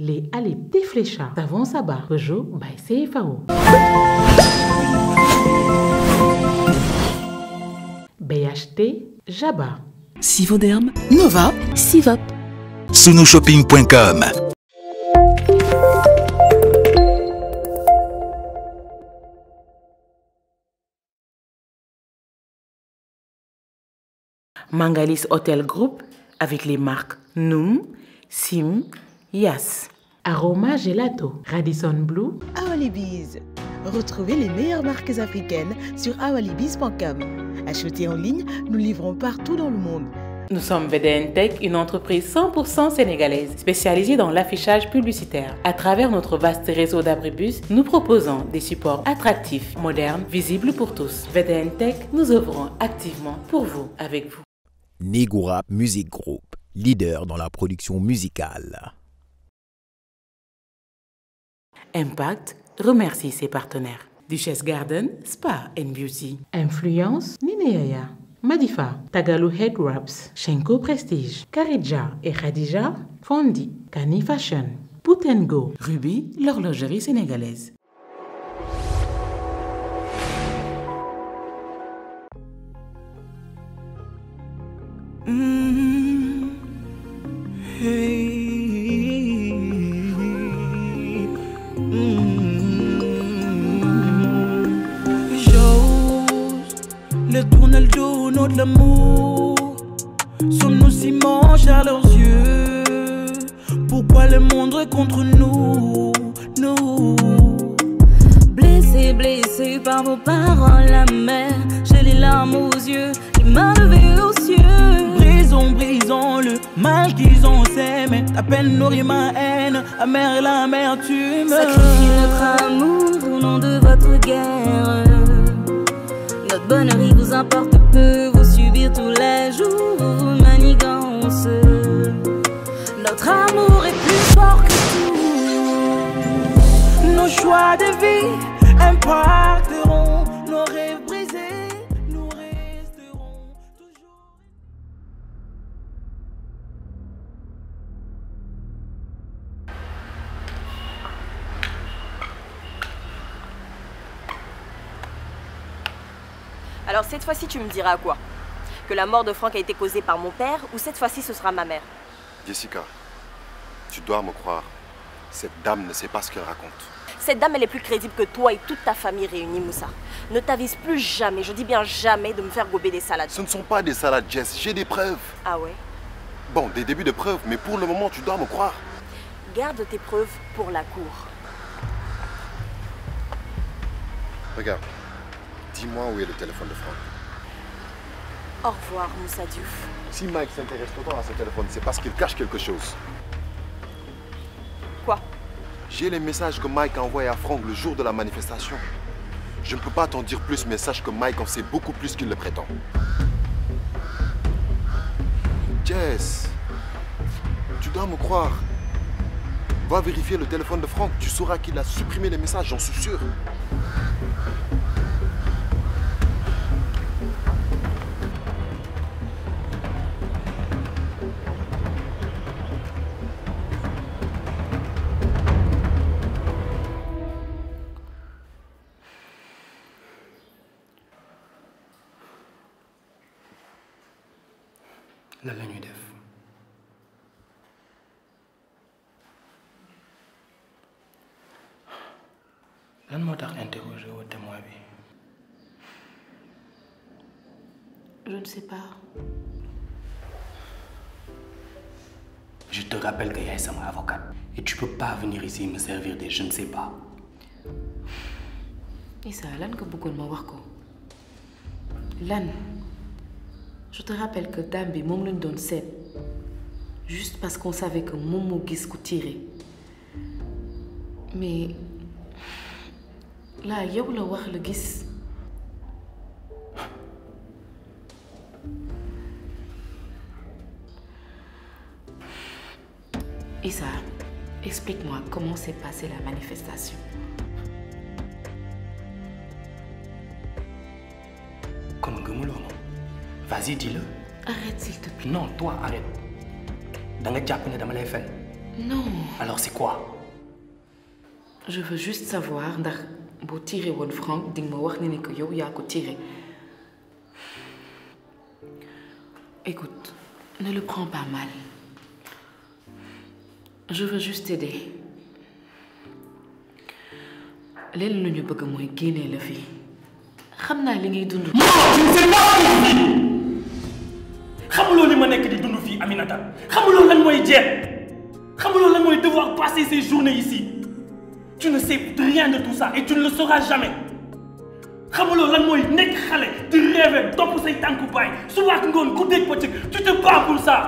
les avant Flecha, Savon Sabah, bye c'est CFAO. BHT Jabba. Sivoderm, Nova, Sivop. SunoShopping.com. Mangalis Hotel Group avec les marques Noom, Sim, Yes. Aroma Gelato, Radisson Blue, Awalibiz. Retrouvez les meilleures marques africaines sur awalibiz.com. Achetez en ligne, nous livrons partout dans le monde. Nous sommes VDN Tech, une entreprise 100% sénégalaise spécialisée dans l'affichage publicitaire. À travers notre vaste réseau d'abribus, nous proposons des supports attractifs, modernes, visibles pour tous. VDN Tech, nous œuvrons activement pour vous, avec vous. Negura Music Group, leader dans la production musicale. Impact remercie ses partenaires. Duchesse Garden, Spa and Beauty. Influence, Nineaya. Madifa, Tagalu Head Wraps, Shenko Prestige, Karidja et Khadija, Fondi, Kani Fashion, Put Ruby, l'horlogerie sénégalaise. Alors cette fois-ci, tu me diras quoi Que la mort de Franck a été causée par mon père ou cette fois-ci, ce sera ma mère Jessica, tu dois me croire. Cette dame ne sait pas ce qu'elle raconte. Cette dame, elle est plus crédible que toi et toute ta famille réunie, Moussa. Ne t'avise plus jamais, je dis bien jamais, de me faire gober des salades. Ce ne sont pas des salades, Jess. J'ai des preuves. Ah ouais Bon, des débuts de preuves, mais pour le moment, tu dois me croire. Garde tes preuves pour la cour. Regarde. Dis-moi où est le téléphone de Franck. Au revoir, Moussa Si Mike s'intéresse autant à ce téléphone, c'est parce qu'il cache quelque chose. Quoi J'ai les messages que Mike a envoyés à Franck le jour de la manifestation. Je ne peux pas t'en dire plus, mais sache que Mike en sait beaucoup plus qu'il le prétend. Jess, tu dois me croire. Va vérifier le téléphone de Franck, tu sauras qu'il a supprimé les messages, j'en suis sûr. au Je ne sais pas. Je te rappelle que Yaïs est mon avocate. Et tu peux pas venir ici me servir des je ne sais pas. Et ça, lan que beaucoup ma wax Lan. Je te rappelle que Dambi mom lañ donne 7. Juste parce qu'on savait que Momo mot ko Mais Là, yow la wax la gis Isa, explique-moi comment s'est passée la manifestation tu vas-y dis-le arrête s'il te plaît non toi arrête da nga jàpp ne dama lay FN. non alors c'est quoi je veux juste savoir boo tiré woon franc ding ma wax ni ne que yow yaa ko tiré écoute ne le prends pas mal je veux juste t'aider lél lu ñu bëgg moy génnee la fi xamna li ngay dund. non je ne sais pas xamuloo li ma nek di dund fi Aminata xamuloo lan mooy jeex xamuloo lan moy devoir passer ces journées ici tu ne sais rien de tout ça et tu ne le sauras jamais xamuloo lan mooy nekk xale di rêver topp say tànku baay suba ak ngoon guddeeg bëccëg tu te bats pour ça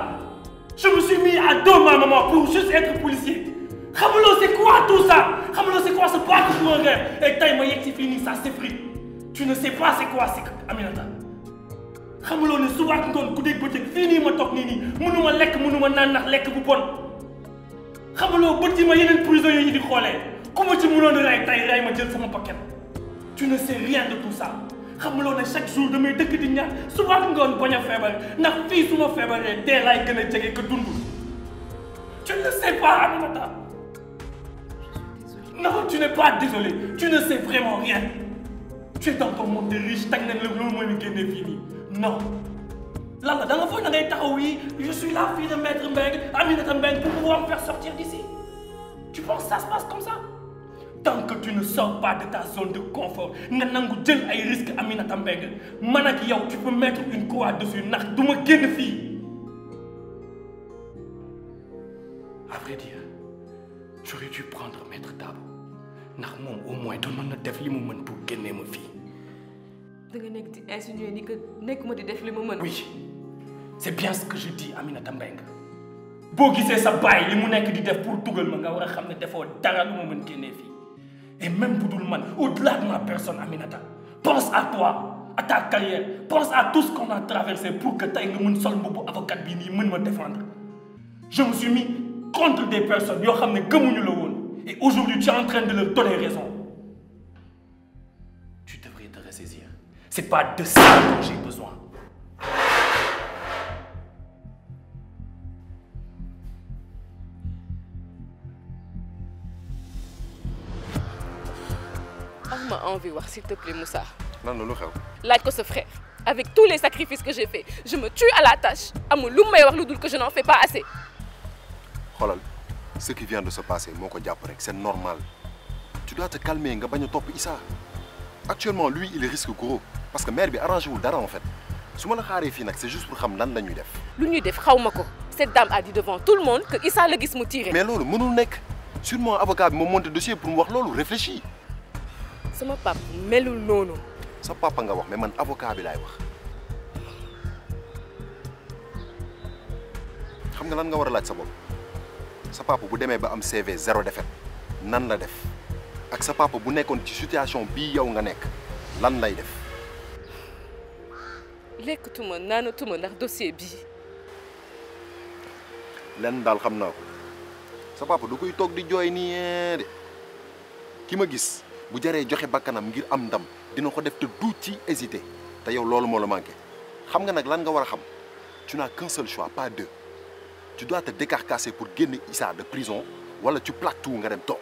je me suis mis à deux ma maman pour juste être policier xamuloo c'est quoi tout ça xamuloo c'est quoi ce battre pour un rêve et tey ma yegg si ça c'est pris. tu ne sais pas c'est quoi c'est Aminata xamuloo ne souvent ak ngoon guddeeg bëccëg fii ma toog nii ma mënuma lekk mënuma ma ndax lekk bu bon xamuloo bët yi ma yeneen prison yi di xoolee Comment tu m'as dit que tu paquet Tu ne sais rien de tout ça. xamuloo ne chaque jour de mes deux de suba ak ngoon bañ fièvre. feebar fièvre ma feebaree ne tu ne sais pas Aminata. non tu n'es pas désolé tu ne sais vraiment rien. tu es dans ton monde de riche tu as la monde de qui fini. non. dans la da nga foog je suis la fille de maître de Aminata Mbengue pour pouvoir me faire sortir d'ici tu penses que ça se passe comme ça tant que tu ne sors pas de ta zone de confort nga nangu jël ay risques Aminata Mbengue man ak yow tu peux mettre une croix dessus ndax du ma génn fii à vrai dire j'aurais dû prendre maître Dabo ndax moom au moins dama na def li mu pour gagner ma fii. da nga nekk di insinuer ni que nekk ma di def li ma oui c'est bien ce que je dis Aminata Mbengue boo gisee sa baay li mu nekk di def pour tout ma nga war a xam ne defoo dara lu ma gagner génnee et même Boudoulman, au-delà de ma personne, Aminata, pense à toi, à ta carrière, pense à tout ce qu'on a traversé pour que tu aies un bobo avocat qui me défendre. Je me suis mis contre des personnes qui ne comme le Et aujourd'hui, tu es en train de leur donner raison. Tu devrais te ressaisir. C'est pas de ça que j'ai envie wax s'il te plaît Moussa. lan la lu xew. laaj ko frère avec tous les sacrifices que j'ai fait je me tue à la tâche À lu may wax lu que je n'en fais pas assez. Holal, ce qui vient de se passer mon ko rek c'est normal tu dois te calmer nga top a Issa actuellement lui il risque gros parce que mère bi arrangé wul dara en fait su ma la xaaree fii c'est juste pour xam lan la ñuy def. lu def xaw cette dame a dit devant tout le monde que Issa le gis mu mais loolu mënul nekk sûrement avocat bi moo monté dossier pour me wax loolu réfléchis. sama papa melul noonu. sa papa nga wax mais man avocat bi laay wax xam nga lan nga war a laaj sa bopp sa papa bu demee ba am CV zéro defet nan la def ak sa papa bu nekkoon ci situation bii yow nga nekk lan lay def. lekkatuma naanatuma ndax dossier bii. len daal xam naa ko sa papa du koy toog di jooy nii eh, de ki ma gis. bu jaré joxé bakanam ngir am ndam dina ko def te du ci hésiter té yow loolu moo la manqué xam nga nak lan nga wara xam tu n'as qu'un seul choix pas deux tu dois te décarcasser pour génne Issa de prison wala tu plaques tout nga dem toog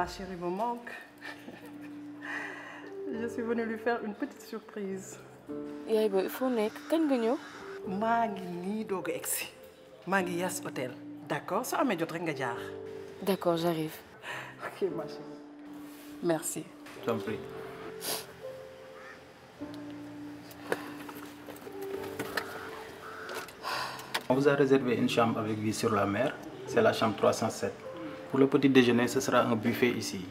ma chérie me manque. je suis venue lui faire une petite surprise. yaay booy foo nekk kañ nga ñëw. maa ngi d'accord ça amee jot rek d'accord j'arrive. ok ma chérie. merci. je t'en prie. On vous a réservé une chambre avec vue sur la mer. C'est la chambre 307. Pour le petit déjeuner, ce sera un buffet ici.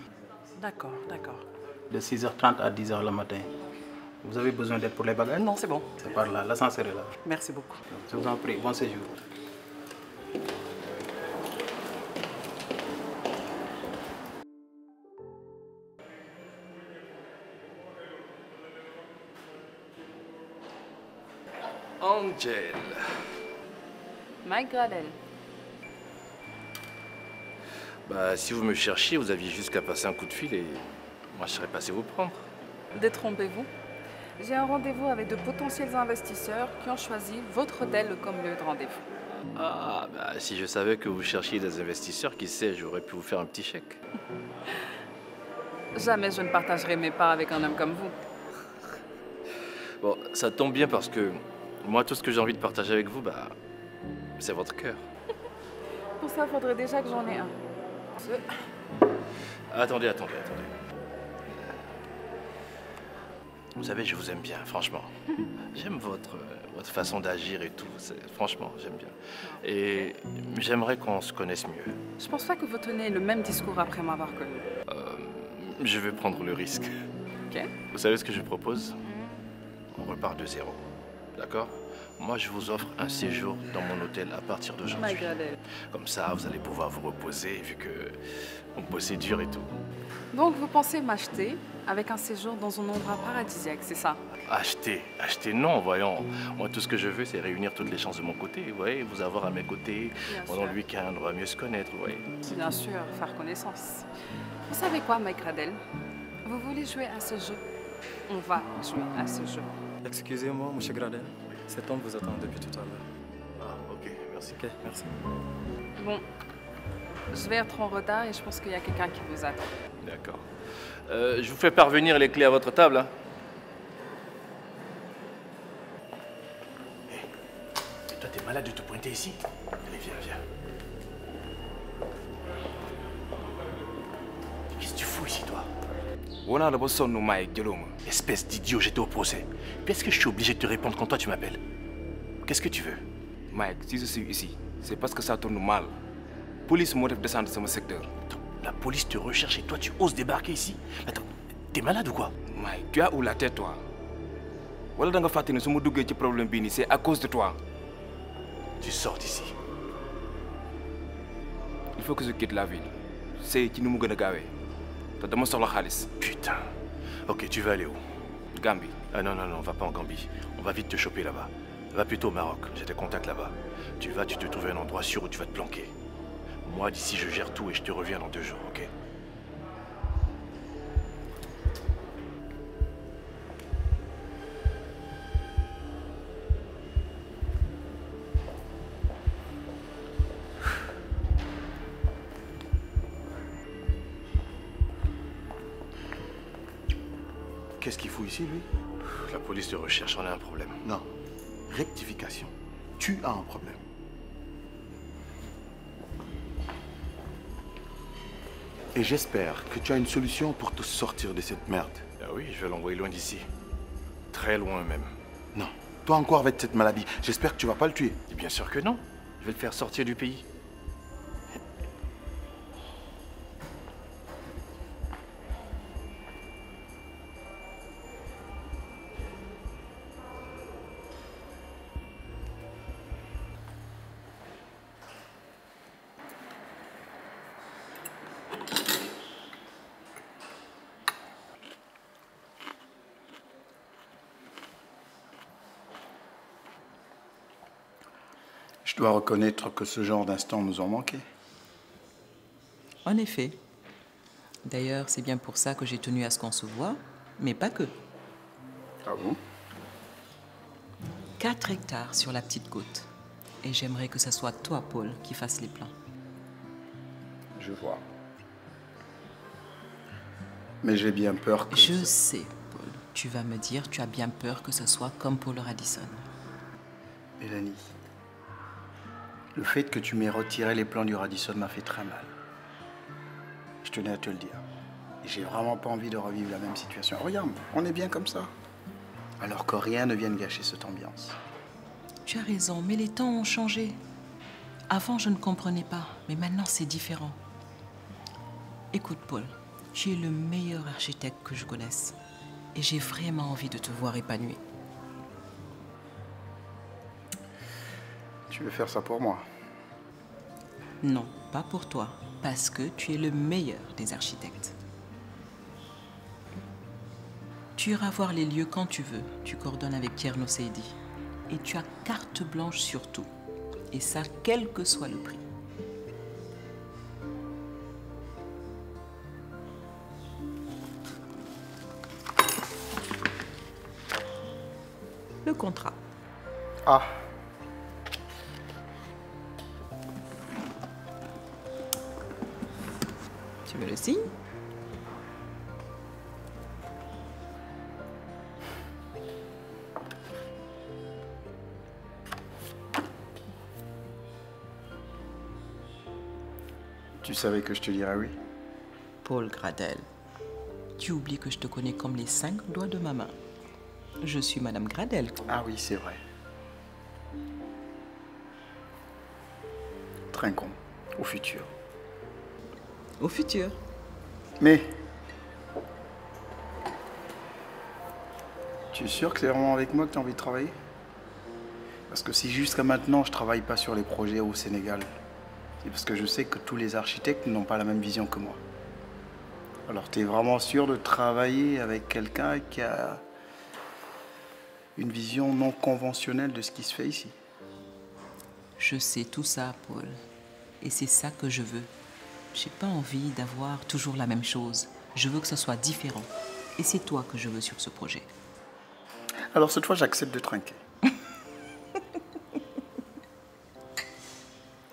D'accord, d'accord. De 6h30 à 10h le matin. Vous avez besoin d'aide pour les bagages Non, c'est bon. C'est par là, l'ascenseur est là. Merci beaucoup. Je vous en prie, bon séjour. Angel. My garden. Bah, si vous me cherchiez, vous aviez juste passer un coup de fil et moi je serais passé vous prendre. Détrompez-vous. J'ai un rendez-vous avec de potentiels investisseurs qui ont choisi votre hôtel comme lieu de rendez-vous. Ah, bah, si je savais que vous cherchiez des investisseurs, qui sait, j'aurais pu vous faire un petit chèque. Jamais je ne partagerai mes parts avec un homme comme vous. Bon, ça tombe bien parce que moi, tout ce que j'ai envie de partager avec vous, bah, c'est votre cœur. Pour ça, il faudrait déjà que j'en ai un. Euh, attendez, attendez, attendez. Vous savez, je vous aime bien, franchement. J'aime votre, votre façon d'agir et tout. Franchement, j'aime bien. Et j'aimerais qu'on se connaisse mieux. Je pense pas que vous tenez le même discours après m'avoir connu. Euh, je vais prendre le risque. Ok. Vous savez ce que je propose mhm. On repart de zéro. D'accord moi, je vous offre un séjour dans mon hôtel à partir d'aujourd'hui. Comme ça, vous allez pouvoir vous reposer vu que on bossait dur et tout. Donc, vous pensez m'acheter avec un séjour dans un endroit paradisiaque, c'est ça Acheter Acheter, non, voyons. Moi, tout ce que je veux, c'est réunir toutes les chances de mon côté, vous voyez, vous avoir à mes côtés pendant sûr. le week-end, on va mieux se connaître, vous Bien sûr, faire connaissance. Vous savez quoi, Mike Radel Vous voulez jouer à ce jeu On va jouer à ce jeu. Excusez-moi, monsieur Gradel. Cet homme vous attend depuis tout à l'heure. Ah, ok, merci. Ok, merci. Bon, je vais être en retard et je pense qu'il y a quelqu'un qui vous attend. D'accord. Euh, je vous fais parvenir les clés à votre table. Hein. Eh, toi, t'es malade de te pointer ici On Bosson nous de Espèce d'idiot, j'étais au procès. Puis est-ce que je suis obligé de te répondre quand toi tu m'appelles Qu'est-ce que tu veux Mike, si je suis ici, c'est parce que ça tourne mal. La police m'a descendre sur mon secteur. la police te recherche et toi tu oses débarquer ici Attends, t'es malade ou quoi Mike, tu as où la tête toi Voilà dans si problème c'est à cause de toi. Tu sors d'ici. Il faut que je quitte la ville. C'est qui nous m'a gagné demandé ça la putain ok tu vas aller où. Gambie. ah non non non va pas en Gambie on va vite te choper là-bas va plutôt au Maroc j'ai des contacts là-bas tu vas tu te trouves un endroit sûr où tu vas te planquer moi d'ici je gère tout et je te reviens dans deux jours ok. Qu'est-ce qu'il fout ici, lui La police de recherche en a un problème. Non. Rectification. Tu as un problème. Et j'espère que tu as une solution pour te sortir de cette merde. Ah oui, je vais l'envoyer loin d'ici. Très loin même. Non. Toi encore avec cette maladie. J'espère que tu vas pas le tuer. bien sûr que non. Je vais le faire sortir du pays. reconnaître que ce genre d'instants nous ont manqué. En effet. D'ailleurs, c'est bien pour ça que j'ai tenu à ce qu'on se voit, mais pas que. Ah bon 4 hectares sur la petite côte. Et j'aimerais que ce soit toi, Paul, qui fasse les plans. Je vois. Mais j'ai bien peur que... Je sais, Paul. Tu vas me dire, tu as bien peur que ce soit comme Paul Radisson. Mélanie, le fait que tu m'aies retiré les plans du Radisson m'a fait très mal. Je tenais à te le dire. J'ai vraiment pas envie de revivre la même situation. Regarde, on est bien comme ça. Alors que rien ne vienne gâcher cette ambiance. Tu as raison, mais les temps ont changé. Avant, je ne comprenais pas, mais maintenant, c'est différent. Écoute, Paul, tu es le meilleur architecte que je connaisse. Et j'ai vraiment envie de te voir épanoui. Tu veux faire ça pour moi Non, pas pour toi, parce que tu es le meilleur des architectes. Tu iras voir les lieux quand tu veux. Tu coordonnes avec Pierre Seidi. Et tu as carte blanche sur tout. Et ça, quel que soit le prix. Le contrat. Ah. le signe. Tu savais que je te dirais oui Paul Gradel, tu oublies que je te connais comme les cinq doigts de ma main. Je suis Madame Gradel. Ah oui, c'est vrai. Trinquons au futur au futur. Mais. Tu es sûr que c'est vraiment avec moi que tu as envie de travailler Parce que si jusqu'à maintenant je travaille pas sur les projets au Sénégal, c'est parce que je sais que tous les architectes n'ont pas la même vision que moi. Alors tu es vraiment sûr de travailler avec quelqu'un qui a une vision non conventionnelle de ce qui se fait ici Je sais tout ça, Paul. Et c'est ça que je veux. J'ai pas envie d'avoir toujours la même chose. Je veux que ce soit différent. Et c'est toi que je veux sur ce projet. Alors cette fois, j'accepte de trinquer.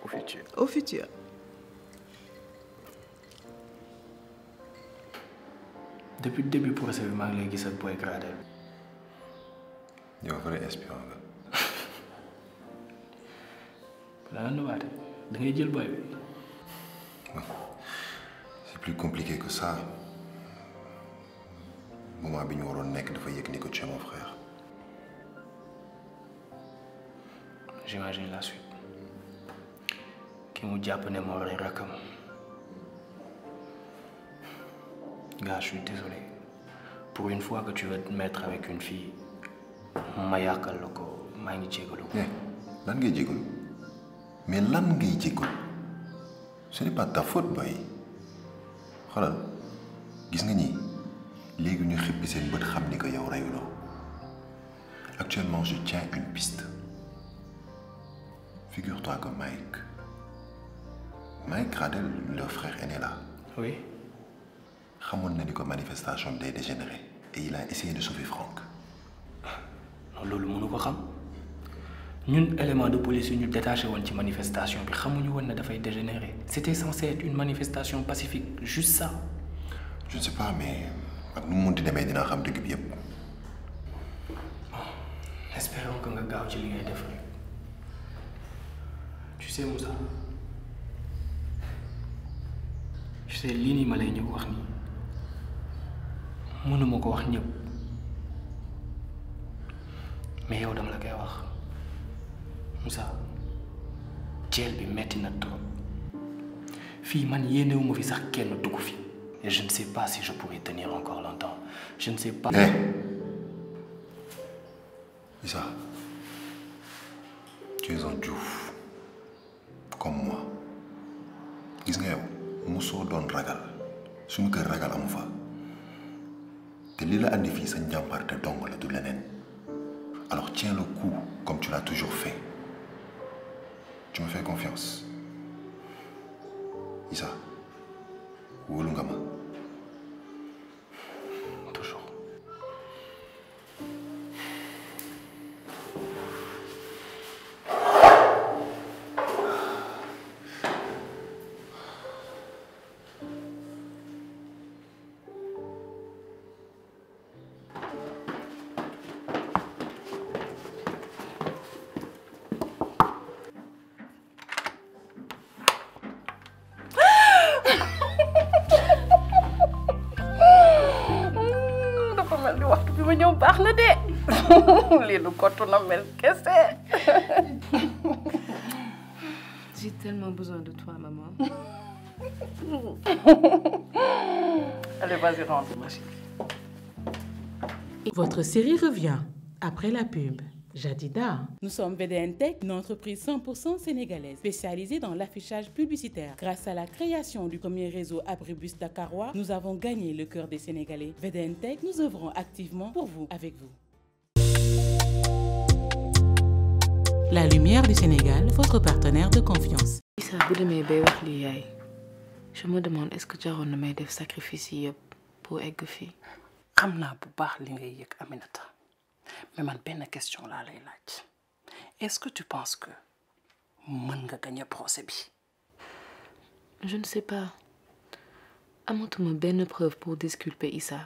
Au futur. Au futur. Depuis le début pour procès, maa ngi lay gisal booy gradé. un vrai espion la. balaa nga nubaate da ngay jël booy bi plus compliqué que ça moment bi ñu waroon nekk dafa que tu es mon frère. j'imagine la suite ki mu jàpp ne moo rey gars je suis désolé pour une fois que tu veux te mettre avec une fille Je yàqal la ko maa ngi Qu'est-ce eh, que ngay mais lan ngay ce n'est pas ta faute xoolal gis nga ñii léegi ñu xibbi seen bët xam ni ko yow reyuloo actuellement je tiens une piste figure-toi que Mike Mike Radel, leur frère aîné là. oui. xamoon na ni manifestation day dégénérer. et il a essayé de sauver Franck. Ah, loolu mënu ko xam ñun élément de police yu ñu détaché woon ci manifestation bi xamuñu woon ne dafay dégénérer c'était censé être une manifestation pacifique juste ça je ne sais pas mais ak nu mu munti demee dinaa xam de bi espérons que nous gaaw ci li ngay tu sais Moussa tu sais lii Je ma lay ñëw wax ne mënuma ko wax ñëpp mais yow dama la koy wax Moussa jeel bi metti na to. Fi man yéenewuma fi sax kenn dugg fi et je ne sais pas si je pourrai tenir encore longtemps je ne sais pas. Hey, eh. Isa, tu es un diouf comme moi gis nga yow mosoo doon ragal suñu kër ragal amu fa te li la andi fi sa njàmbaar te dong la du leneen alors tiens le coup comme tu l'as toujours fait. Tu me fais confiance. Isa, l'ongama. ñëw baax dé de du kottu na mel c'est. j'ai tellement besoin de toi maman. allez vas-y rentre ma chérie. Votre série revient après la pub. Jadida. Nous sommes Tech, une entreprise 100% sénégalaise spécialisée dans l'affichage publicitaire. Grâce à la création du premier réseau Abribus Dakarois, nous avons gagné le cœur des Sénégalais. Vedentech, nous œuvrons activement pour vous, avec vous. La lumière du Sénégal, votre partenaire de confiance. Je me demande est-ce que Jaron sacrifice pour Eggefi. Je mais j'ai une question là, lay est-ce que tu penses que mën nga gagner procès je ne sais pas amatuma benn preuve pour disculper Issa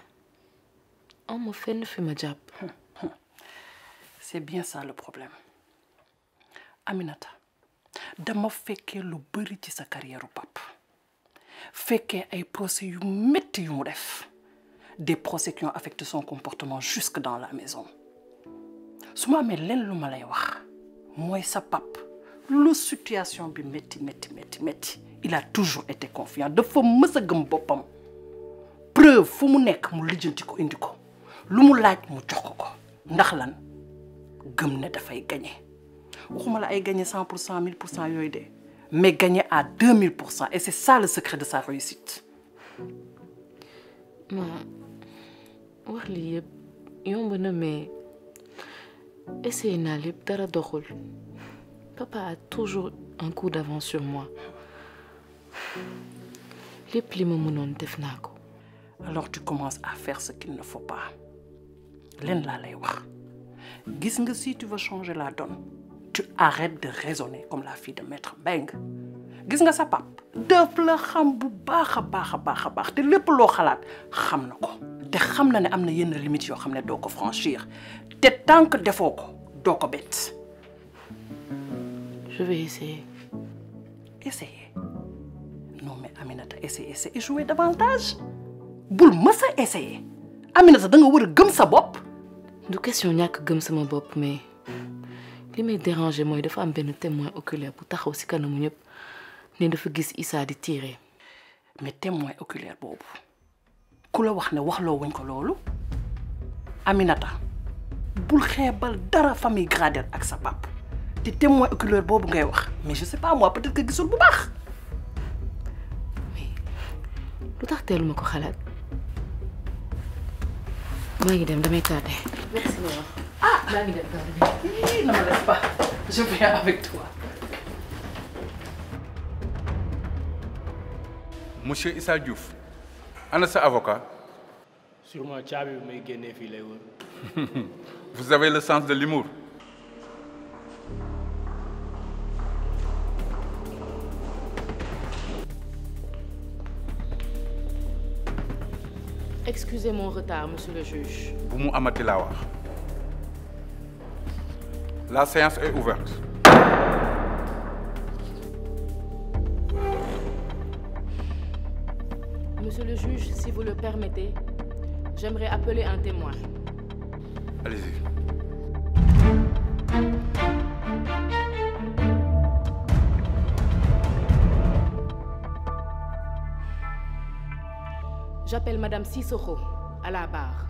amuma fenn fi ma jàpp. c'est bien ça le problème Aminata dama que le bruit de sa carrière pap pape. ay procès yu métti yu def des procès qui ont affecté son comportement jusque dans la maison suma je suis dire lay wax moy sa pap lu situation bi metti metti il a toujours été confiant de fo a gëm preuve fu mu nekk mu lijjanti ko indi ko lu mu laaj mu jox ko ndax lan gëm ne fay gagné waxuma la ay de mais gagner à 2000%..! et c'est ça le secret de sa réussite. wax li yeb yomb na mais essayé de faire drôle..! papa a toujours un coup d'avance sur moi Les li ma mënoon de alors tu commences à faire ce qu'il ne faut pas Len la lay wax si tu veux changer la donne tu arrêtes de raisonner comme la fille de maître Beng. gis nga sa pap daf la xam bu baax a baax a te lépp loo xalaat xam te xam na ne am na yenn limites yoo xam ne doo ko franchir te tant que defoo ko doo ko bett. je vais essayer. essayer non mais Aminata essayer c'est échouer davantage bul mës a essayer Aminata da nga war a gëm sa bopp. du question ñàkk gëm sama bopp mais li may déranger mooy dafa am benn témoin oculaire bu taxaw ci kanamu ñëpp ne dafa gis Issa di tirer. mais témoin oculaire boobu ku la ne ko Aminata bul xeebal dara famille Gradel ak sa pap te témoin oculeur boobu ngay wax mais je sais pas moi peut-être que gisul bu baax. mais lu tax ngi dem damay merci ah maa ngi dem ne me pas je viens avec toi. monsieur Issa Diouf. Un avocat. sûrement Tchabi, mais may génnee vous avez le sens de l'humour Excusez mon retard, monsieur le juge. Boumou Amati La séance est ouverte. le juge, si vous le permettez, j'aimerais appeler un témoin. Allez-y. J'appelle Madame Sissoko à la barre.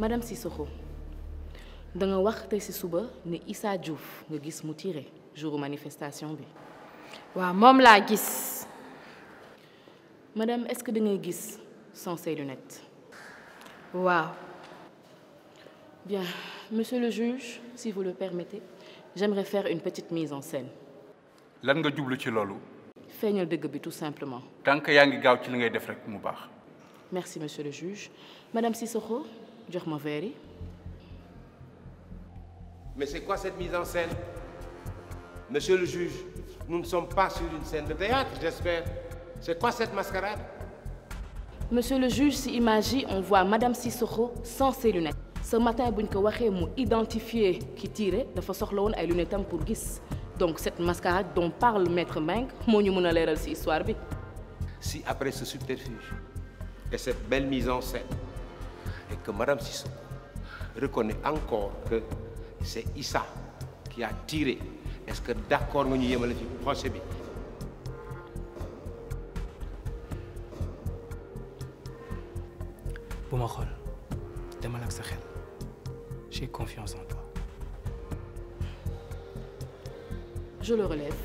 Madame Sissoko, dans nga wax tey si suba ne Issa Diouf nga gis mu jour manifestation Oui, Wa la gis madame est-ce que vous Guiss sans ces lunettes Waouh bien monsieur le juge si vous le permettez j'aimerais faire une petite mise en scène lan nga tu ci loolu tout simplement tant que yaa ngi ci merci monsieur le juge madame Sissoko je ma verre mais c'est quoi cette mise en scène monsieur le juge nous ne sommes pas sur une scène de théâtre j'espère c'est quoi cette mascarade Monsieur le juge, si imagine, on voit Madame Sissoko sans ses lunettes. Ce matin, à a waxé identifié qui tirait, dafa lunettes pour gis. Donc cette mascarade dont parle maître Meng, mo ñu l'air léral histoire Si après ce subterfuge et cette belle mise en scène et que Madame Sissoko reconnaît encore que c'est Issa qui a tiré, est-ce que d'accord nga ñu procès pour demain xool demal j'ai confiance en toi. je le relève.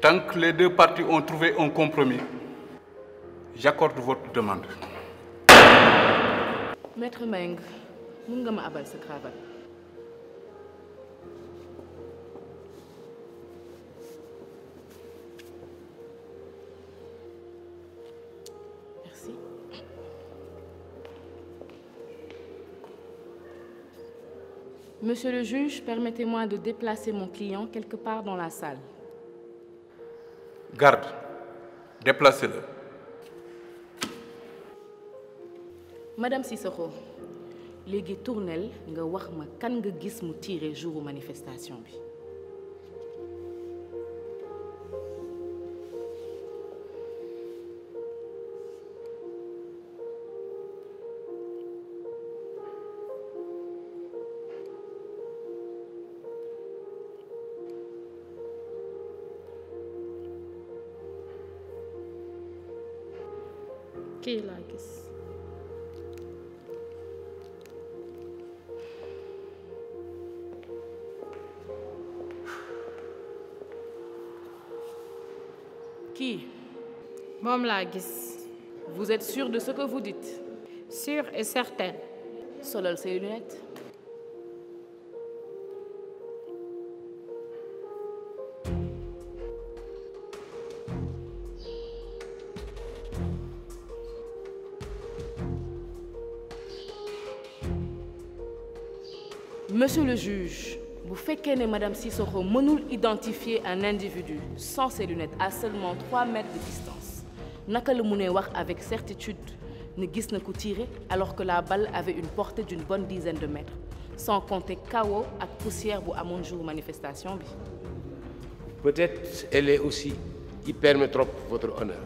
Tant que les deux parties ont trouvé un compromis, j'accorde votre demande. Maître Meng, je abal cravate. Monsieur le juge, permettez-moi de déplacer mon client quelque part dans la salle. Garde, déplacez-le. Madame Sissoko, les tournel nga wax ma kan nga gis mu jour manifestation Qui l'a la Qui vous êtes sûr de ce que vous dites Sûr et certaine c'est une lunettes monsieur le juge vous faites et madame Sissoko identifier un individu sans ses lunettes à seulement 3 mètres de distance naka la avec certitude ne guise ne alors que la balle avait une portée d'une bonne dizaine de mètres sans compter chaos à poussière à mon jour manifestation peut-être elle est aussi hypermétrope votre honneur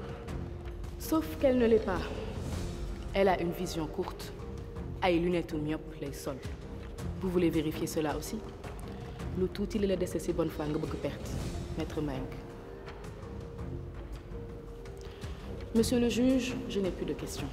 sauf qu'elle ne l'est pas elle a une vision courte ay lunettes u ñëpp les sol vous voulez vérifier cela aussi Tout il est la dese si bonne foi perte maître Meng. Monsieur le juge, je n'ai plus de questions.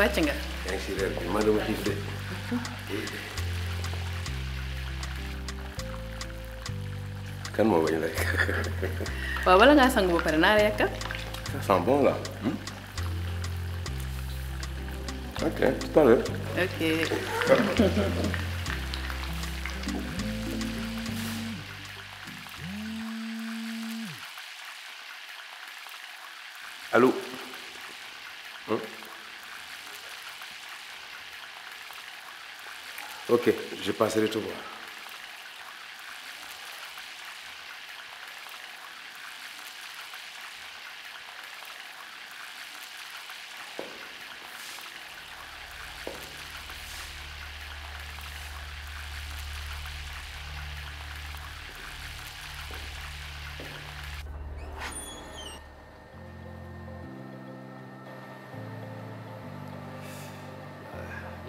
C'est nga. yaa ngi si reer bi ma dama xiif de. kan moo bañ ça sent bon là. Hmm? ok tout à l'heure. ok. Ok, je passerai tout voir.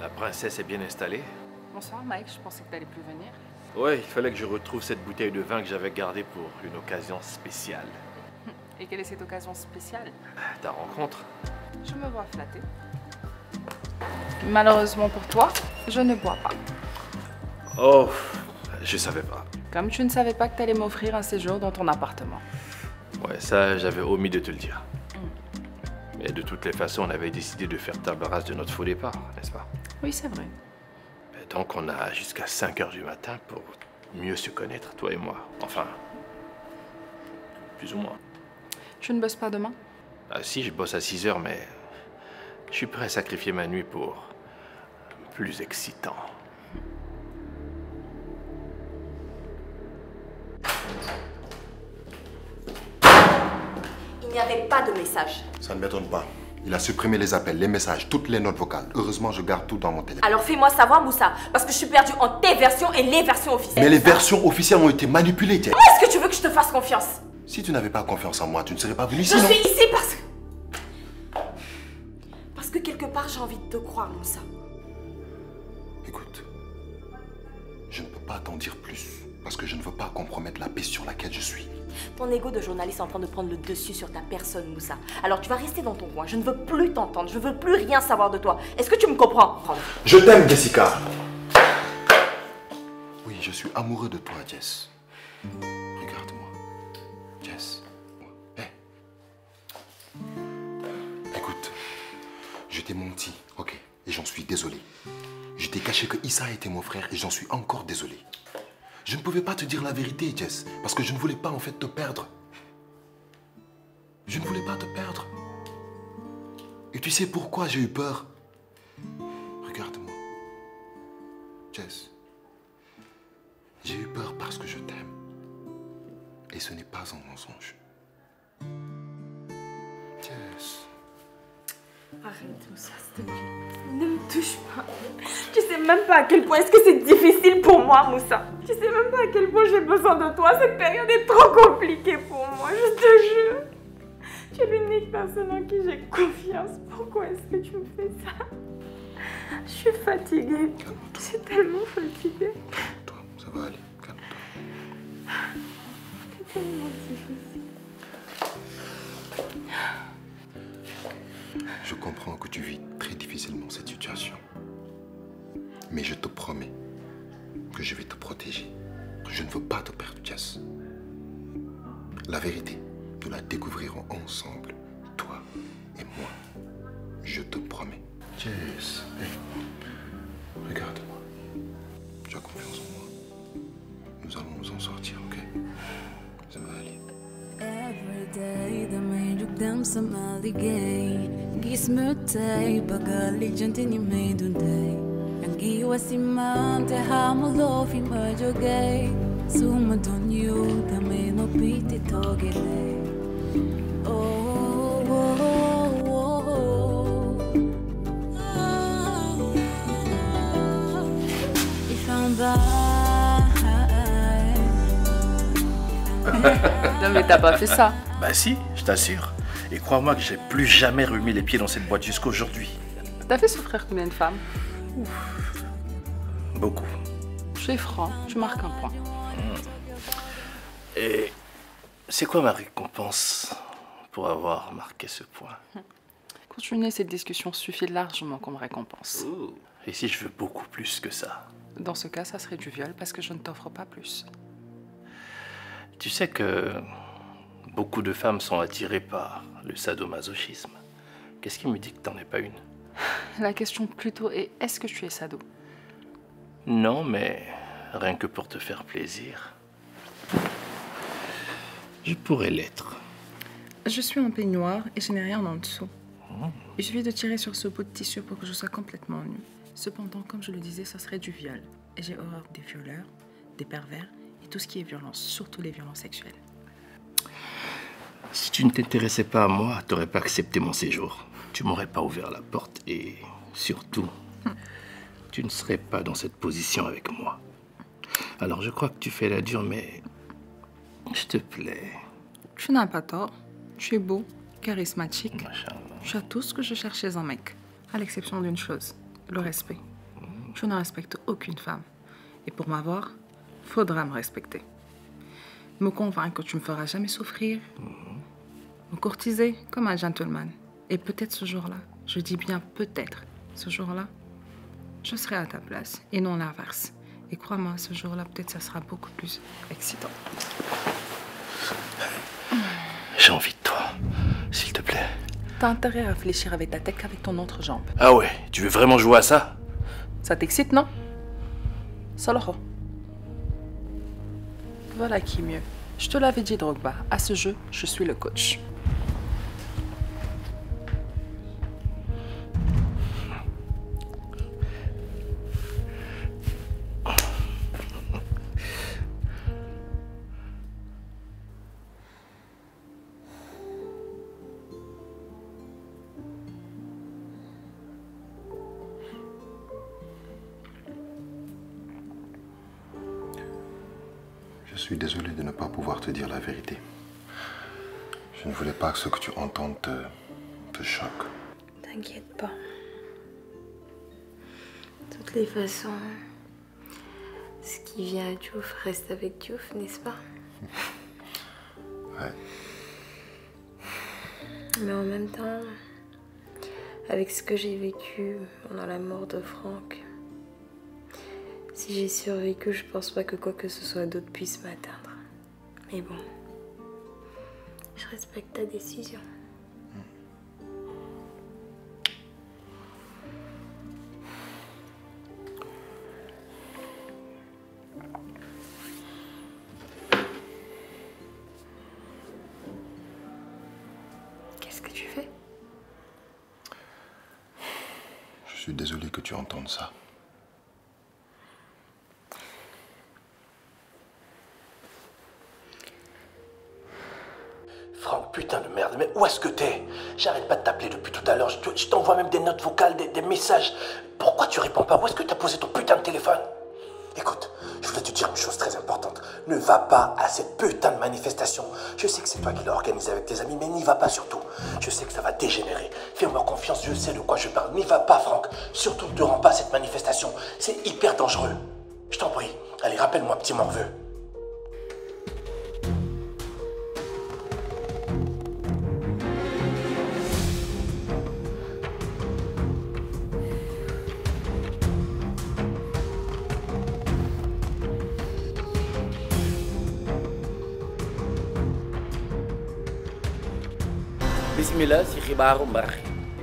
La princesse est bien installée Bonsoir Mike, je pensais que tu t'allais plus venir. Ouais, il fallait que je retrouve cette bouteille de vin que j'avais gardée pour une occasion spéciale. Et quelle est cette occasion spéciale ah, Ta rencontre. Je me vois flattée. Malheureusement pour toi, je ne bois pas. Oh, je savais pas. Comme tu ne savais pas que tu allais m'offrir un séjour dans ton appartement. Ouais, ça, j'avais omis de te le dire. Hmm. Mais de toutes les façons, on avait décidé de faire table de notre faux départ, n'est-ce pas Oui, c'est vrai. Tant qu'on a jusqu'à 5 heures du matin pour mieux se connaître, toi et moi. Enfin, plus ou moins. Je ne bosse pas demain ah, Si, je bosse à 6 heures, mais je suis prêt à sacrifier ma nuit pour plus excitant. Il n'y avait pas de message. Ça ne m'étonne pas. Il a supprimé les appels, les messages, toutes les notes vocales. Heureusement, je garde tout dans mon téléphone. Alors fais-moi savoir, Moussa, parce que je suis perdue en tes versions et les versions officielles. Mais les versions officielles ont été manipulées, Où est-ce que tu veux que je te fasse confiance Si tu n'avais pas confiance en moi, tu ne serais pas venu ici, Je suis ici parce que... Parce que quelque part, j'ai envie de te croire, Moussa. Écoute, je ne peux pas t'en dire plus, parce que je ne veux pas compromettre la paix sur laquelle je suis. Ton ego de journaliste est en train de prendre le dessus sur ta personne, Moussa. Alors tu vas rester dans ton coin. Je ne veux plus t'entendre. Je ne veux plus rien savoir de toi. Est-ce que tu me comprends, Je t'aime, Jessica. Oui, je suis amoureux de toi, Jess. Regarde-moi. Jess. Écoute, je t'ai menti, ok Et j'en suis désolé. Je t'ai caché que Issa était mon frère et j'en suis encore désolé. Je ne pouvais pas te dire la vérité, Jess, parce que je ne voulais pas en fait te perdre. Je ne voulais pas te perdre. Et tu sais pourquoi j'ai eu peur Regarde-moi. Jess, j'ai eu peur parce que je t'aime. Et ce n'est pas un mensonge. Jess. Arrête Moussa, ça, s'il te plaît. Ne me touche pas. Tu sais même pas à quel point est-ce que c'est difficile pour moi, Moussa. Tu sais même pas à quel point j'ai besoin de toi. Cette période est trop compliquée pour moi, je te jure. Tu es l'unique personne en qui j'ai confiance. Pourquoi est-ce que tu me fais ça Je suis fatiguée. Je suis tellement fatiguée. toi ça va aller. Calme-toi. Je comprends que tu vis très difficilement cette situation. Mais je te promets que je vais te protéger. je ne veux pas te perdre, Jess. La vérité, nous la découvrirons ensemble, toi et moi. Je te promets. Jess, regarde-moi. Tu as confiance en moi. Nous allons nous en sortir, ok Ça va aller. Every day look down some non mais t'as pas fait ça Bah si, je t'assure. Et crois-moi que j'ai plus jamais remis les pieds dans cette boîte jusqu'à aujourd'hui. T'as fait souffrir combien de femmes Beaucoup. Je suis franc, je marque un point. Hmm. Et c'est quoi ma récompense pour avoir marqué ce point Continuer cette discussion suffit largement comme récompense. Et si je veux beaucoup plus que ça Dans ce cas, ça serait du viol parce que je ne t'offre pas plus. Tu sais que Beaucoup de femmes sont attirées par le sadomasochisme. Qu'est-ce qui me dit que t'en es pas une La question plutôt est est-ce que tu es sado Non, mais rien que pour te faire plaisir. Je pourrais l'être. Je suis en peignoir et je n'ai rien en dessous. je Il suffit de tirer sur ce bout de tissu pour que je sois complètement nue. Cependant, comme je le disais, ça serait du viol. Et j'ai horreur des violeurs, des pervers et tout ce qui est violence, surtout les violences sexuelles. Si tu ne t'intéressais pas à moi, tu n'aurais pas accepté mon séjour. Tu m'aurais pas ouvert la porte et surtout, tu ne serais pas dans cette position avec moi. Alors je crois que tu fais la dure, mais je te plais. Tu n'as pas tort. Tu es beau, charismatique. Tu as tout ce que je cherchais en mec, à l'exception d'une chose, le respect. Je ne respecte aucune femme. Et pour m'avoir, faudra me respecter. Me convaincre que tu ne me feras jamais souffrir, mm me courtiser comme un gentleman. Et peut-être ce jour-là, je dis bien peut-être, ce jour-là, je serai à ta place et non l'inverse. Et crois-moi, ce jour-là, peut-être ça sera beaucoup plus excitant. J'ai envie de toi, s'il te plaît. T'as intérêt à réfléchir avec ta tête qu'avec ton autre jambe. Ah ouais, tu veux vraiment jouer à ça Ça t'excite, non Soloro. Voilà qui est mieux. Je te l'avais dit, Drogba, à ce jeu, je suis le coach. façon, ce qui vient à Diouf reste avec Diouf, n'est-ce pas Ouais. Mais en même temps, avec ce que j'ai vécu pendant la mort de Franck, si j'ai survécu, je pense pas que quoi que ce soit d'autre puisse m'atteindre. Mais bon, je respecte ta décision. désolé que tu entendes ça. Franck, putain de merde, mais où est-ce que t'es J'arrête pas de t'appeler depuis tout à l'heure, je, t'envoie même des notes vocales, des, messages. Pourquoi tu réponds pas Où est-ce que t'as posé ton putain de téléphone Écoute, je voulais te dire une chose très importante. Ne va pas à cette putain de manifestation. Je sais que c'est toi qui l'as organisée avec tes amis, mais n'y va pas surtout. Je sais que ça va dégénérer. Fais-moi confiance, je sais de quoi je parle. N'y va pas, Franck. Surtout ne te rends pas à cette manifestation. C'est hyper dangereux. Je t'en prie. Allez, rappelle-moi, petit morveux. Bismillah, si ribarum